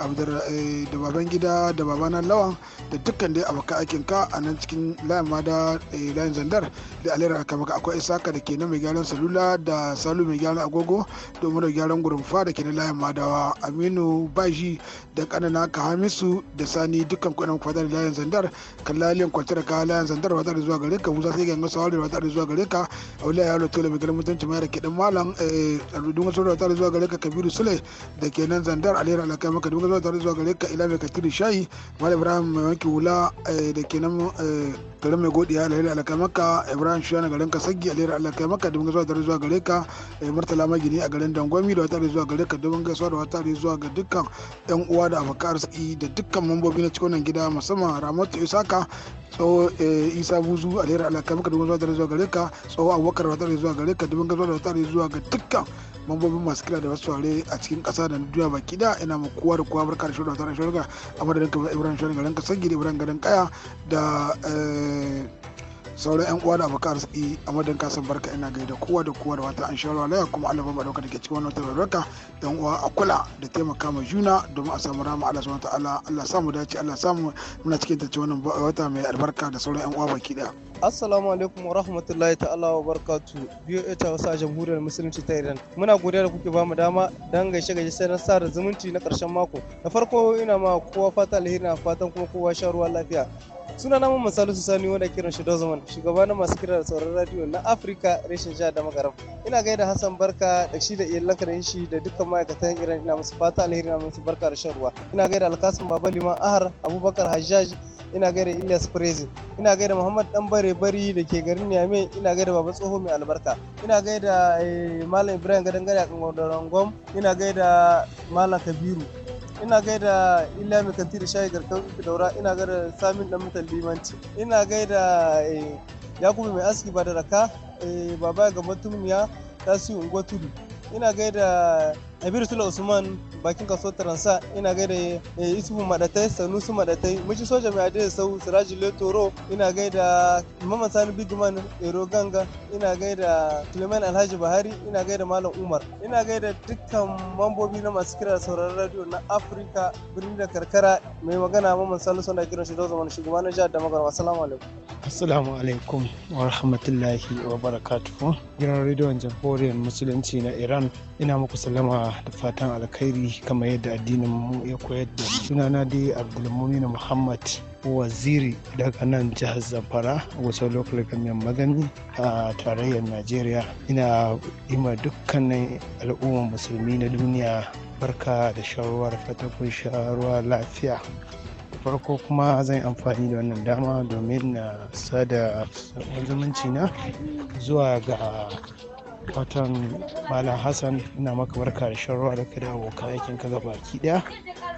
Eh, da baban gida da babana lawan da dukkan dai abokan aikin ka a nan cikin layin mada eh, layin zandar da alera ka maka akwai isaka da ke na mai gyaran salula da salu mai gyaran agogo domin da gyaran fa da ke na layin madawa aminu baji da kanana ka hamisu da sani dukkan kuɗin da layin zandar kan kallalin kwanciyar ka layin zandar wata da zuwa gare ka musa sai ganga sawari wata da zuwa gare ka auliya yaro tola mai gyaran mutunci mai da dan malam a rudun wasu wata da zuwa gare ka kabiru sule da ke nan zandar alera ka maka dukkan sallallahu tare zuwa gare ka ila mai katiri shayi malam ibrahim mai wanki hula eh, da ke nan eh, tare mai godiya da hira alakai maka ibrahim shuwa na garin kasagi a alheri alakai maka domin zuwa tare zuwa gare ka eh, martala magini a garin dangwami da wata zuwa gare ka domin gaisuwa da wata zuwa ga dukkan yan uwa da abokan arziki da dukkan mambobi na cikin gida musamman ramatu isaka tsawo isa buzu a alheri alakai maka domin zuwa tare zuwa gare ka tsawo abubakar da wata zuwa gare ka domin gaisuwa da wata zuwa ga dukkan mambobin masu kira da wasu ware a cikin ƙasa da duniya baki da ina ma kowa da kowa kuma barka da shirya tsarin shirya a madadin kamar ibrahim shirya garin kasar gidi ibrahim garin kaya da eh, sauran yan uwa da abokan arziki a madan kasan barka ina gaida kowa da kowa da wata an shawarwa ruwa kuma Allah ba dauka ke cikin wannan tabarruka yan uwa a kula da taimaka ma juna domin a samu rama Allah subhanahu ta'ala Allah sa mu dace Allah sa mu muna cikin tace wannan wata mai albarka da sauran yan uwa baki daya Assalamu alaikum wa rahmatullahi ta'ala wa barakatu biyo ita wasa jamhuriyar musulunci ta Iran muna godiya da kuke bamu dama dan gaishe gaishe sai na sa da zumunci na karshen mako da farko ina ma kowa fata alheri na fatan kuma kowa sha ruwa lafiya suna namun misali su sani wanda kiran shi dozaman shugaba na masu kira da sauran radio na afirka reshen jihar da magaram ina gaida hassan barka da shi da iyalanka da shi da dukkan ma'aikatan iran ina musu fata alheri na musu barka da shan ruwa ina gaida alkasim baba liman ahar abubakar hajjaj ina gaida Ilyas Prezi ina gaida Muhammad Dan Bare Bari da ke garin Niamey ina gaida Baba Tsoho mai albarka ina gaida eh, Malam Ibrahim Gadangare a kan Gwam ina gaida Malam Kabiru ina gaida ila mai kanti da shayi garkan daura ina gaida samin dan mutan limanci ina gaida eh, yakubu mai aski ba da raka eh, baba ga mutumiya tasiri unguwa tudu ina gaida Abir Sula Usman bakin kaso Taransa ina gaida Isufu eh, Madatai Sanusi Madatai Mishi Soja Mai Adai Sau Siraji Letoro ina gaida imaman Sani Bigman Ero Ganga ina gaida Suleiman Alhaji Bahari ina gaida Malam Umar ina gaida dukkan mambobi na masu kira sauraron radio na Afirka birni da karkara mai magana Mamman Salisu na kiran shi da zaman shugaban na jihar da magarwa assalamu alaikum assalamu alaikum wa rahmatullahi wa barakatuhu gidan rediyon jamhuriyar musulunci na Iran ina muku salama da fatan alkhairi kamar yadda addinin mu ya koyar da sunana dai abdulmumin muhammad waziri daga nan jihar zamfara wasu lokacin kamar magani a tarayyar najeriya ina ima dukkanin al'ummar musulmi na duniya barka da shawarwar fatakun shawarwar lafiya farko kuma zan amfani da wannan dama domin na sada zumunci na zuwa ga watan malam hassan ina maka barka da sharuwa da kada da abokan aikin ka gaba ki daya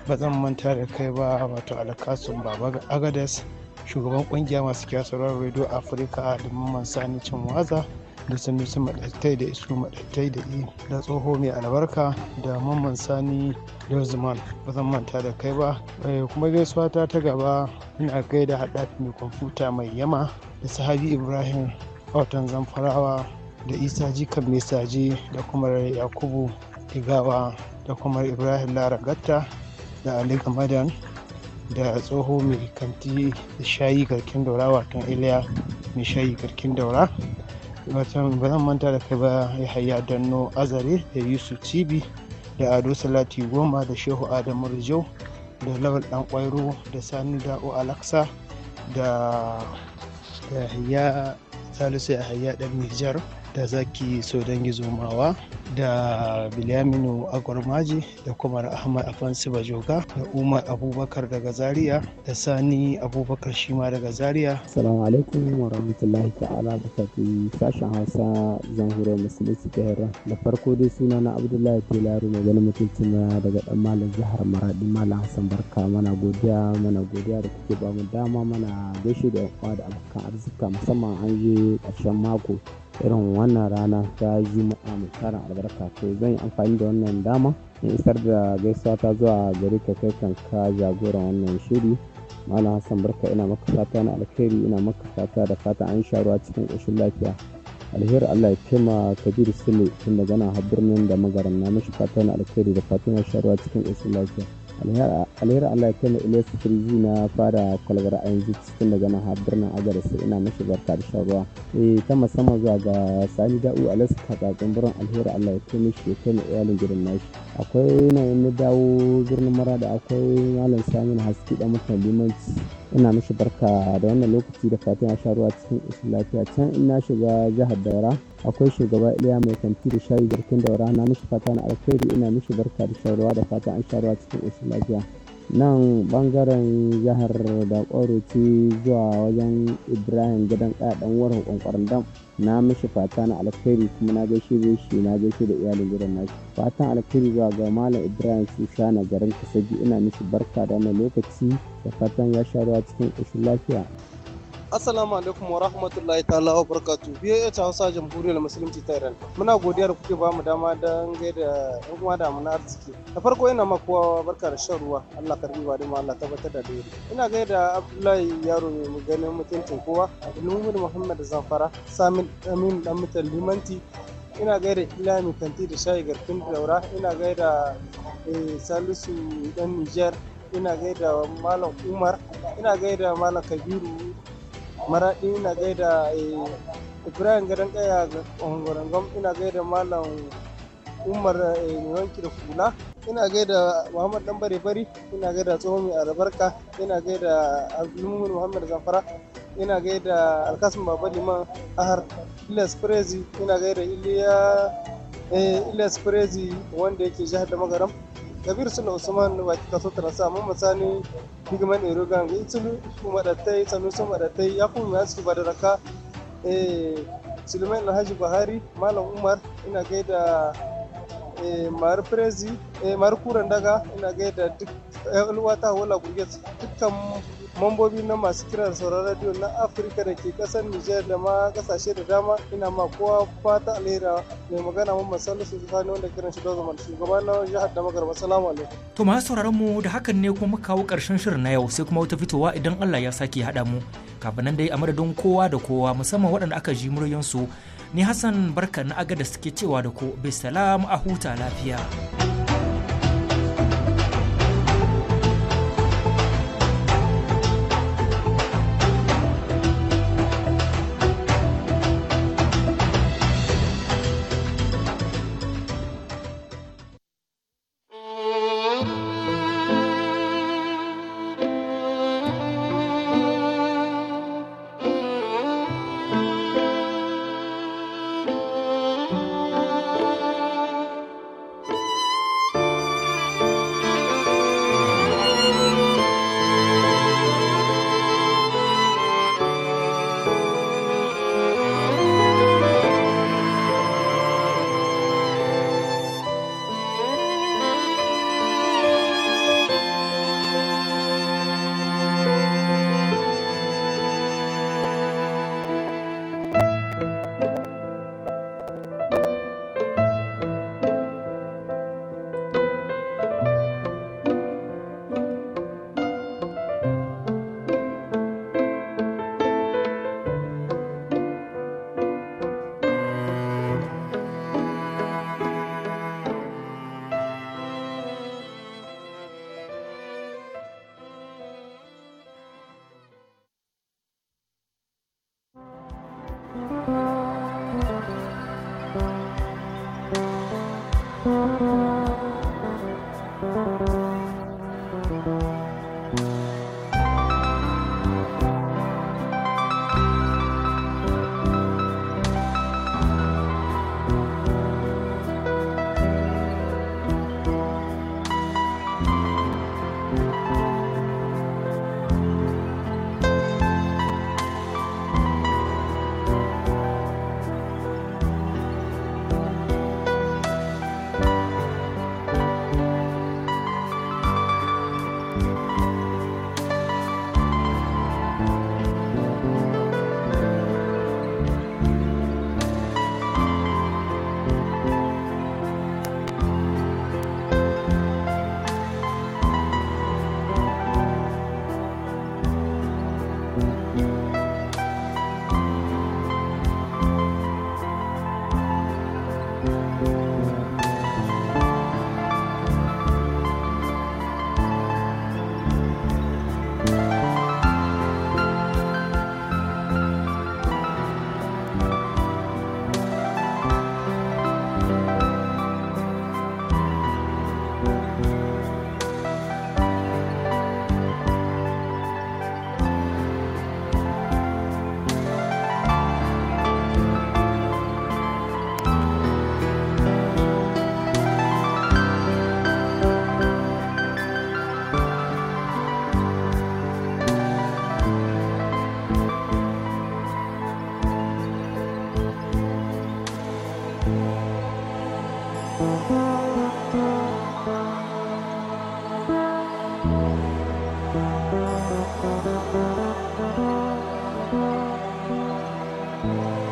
ba zan manta da kai ba wato alakasun baba agadas shugaban kungiya masu kyasarwar radio afirka da mamman sani cin waza da su madattai da isu madattai da i da tsoho mai albarka da mamman sani lozman ba zan manta da kai ba eh, kuma gaisuwa ta ta gaba ina gaida haɗafi mai kwamfuta mai yama da sahabi ibrahim watan zamfarawa da isa jikar mai saje da kuma yakubu Igawa da kuma ibrahim laragatta da ali gamadan da tsoho mai kanti da shayi garkin daura watan iliya mai shayi garkin daura watan ba zan manta da kai ba ya yahaya danno azare da yusuf cibi da ado salati goma da shehu adamu rijau da lawal dan kwairo da sani da'o alaksa da ya salisu yahaya dan nijar da zaki sodangi zomawa da bilyaminu agwarmaji da kuma ahmad afansi bajoga da umar abubakar daga zaria da sani abubakar shima daga zaria salamu alaikum wa rahmatullahi ta'ala da kafin sashen hausa zanhuriyar musulunci ta da farko dai suna na abdullahi telaru mai ganin mutunci na daga dan malam jihar maradi malam hassan barka mana godiya mana godiya da kuke bamu dama mana gaishe da yan uwa da abokan arzika musamman an je ƙarshen mako irin wannan rana ta juma'a mai tarin albarka to zan yi amfani da wannan dama in isar da gaisuwa ta zuwa gare ka kai kanka jagoran wannan shiri malam hassan barka ina maka fata na alkhairi ina maka fata da fata an sha ruwa cikin ƙoshin lafiya alheri allah ya kema kabiru sule tun gana gana birnin da magaran na mashi fata na alkhairi da fata na sha ruwa cikin ƙoshin lafiya alheri allah ya kai su kirji na fara kwalbar ainihin cikin daga nan har birnin agaris ina mashi barka da shan ruwa eh ta musamman zuwa ga sani da'u alasu kakatsun birnin alheri allah ya kai mishi ya kai iyalin gidan nashi akwai na na dawo birnin mara da akwai malam samun haske da mutan limanci ina mashi barka da wannan lokaci da fatan ya sha ruwa cikin lafiya can ina shiga jihar daura akwai shugaba iliya mai kanti da shayi garkin daura na mishi fata na alkhairi ina mishi barka da shawarwa da fata an shawarwa cikin usul lafiya nan bangaren jihar da ce zuwa wajen ibrahim gidan kaɗan warhu kwankwarin dam na mishi fata na alkhairi kuma na gaishe da shi na gaishe da iyalin gidan nashi fatan alkhairi zuwa ga malam ibrahim susha na garin kasaji ina mishi barka da wannan lokaci da fatan ya sha ruwa cikin ƙoshin lafiya Assalamu alaikum wa rahmatullahi ta'ala wa barakatu. Biyo ta Hausa Jamhuriyar Musulunci ta Iran. Muna godiya da kuke bamu dama don gaida ƴan uwa da mu na arziki. Da farko ina kowa barka da shan ruwa. Allah karbi ba dama Allah tabbatar da dole. Ina gaida Abdullahi Yaro mai ganin mutuncin kowa. Abdulmumin Muhammad Zamfara. Samin Amin Dan Mutan Limanti. ina gaida ilami kanti da shayi garfin daura ina gaida eh, salisu dan niger ina gaida malam umar ina gaida malam kabiru maraɗi ina gaida eh, ibrahim gadon kaya ga ƙwangarangam ina gaida malam umar eh, wanki da fula ina gaida muhammad dan bare bari ina gaida tsohon mai albarka ina gaida abdulmumin muhammad zamfara ina gaida alkasim baba liman ahar ilyas prezi ina gaida iliya eh, ilyas prezi wanda yake jihar da magaram kabir suna usman baki kaso tarasa mamman masani bigman erogan ga itulu madattai da tai ya kuma ya suke raka eh sulaiman alhaji buhari malam umar ina gaida Eh, mari firezi eh, mari kuren daga ina gaida duk ta hula wala gurgis dukkan mambobi na masu kiran sauran radio na afirka da ke kasar nijar da ma kasashe da dama ina ma kowa fata alhera mai magana mun masallu su tsakanin wanda kiran shi dozo shugaba na jihar da magarba salamu alaikum to masu sauraron mu da hakan ne kuma muka kawo karshen shirin na yau sai kuma wata fitowa idan Allah ya sake haɗa mu kafin nan dai a madadin kowa da kowa musamman waɗanda aka ji muryansu su ni Hassan Barka na agada suke cewa da ku bisalam a huta lafiya.